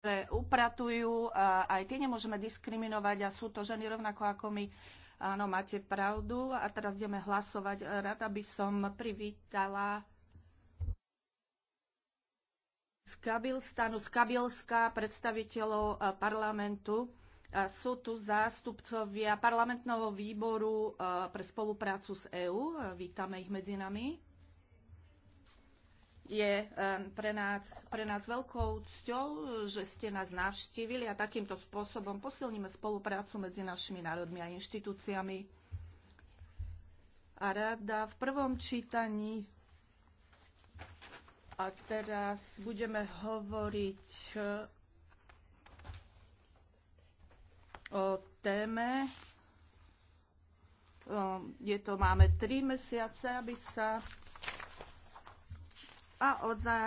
ktoré upratujú a aj tie nemôžeme diskriminovať a sú to ženy rovnako ako my. Áno, máte pravdu a teraz ideme hlasovať. Rada by som privítala z Kabilstanu, z Kabilska predstaviteľov eh, parlamentu. Eh, sú tu zástupcovia parlamentného výboru eh, pre spoluprácu s EÚ. Vítame ich medzi nami. Je pre nás, pre nás veľkou cťou, že ste nás navštívili a takýmto spôsobom posilníme spoluprácu medzi našimi národmi a inštitúciami. A rada v prvom čítaní a teraz budeme hovoriť eh, o téme. Eh, je to, máme tri mesiace, aby sa a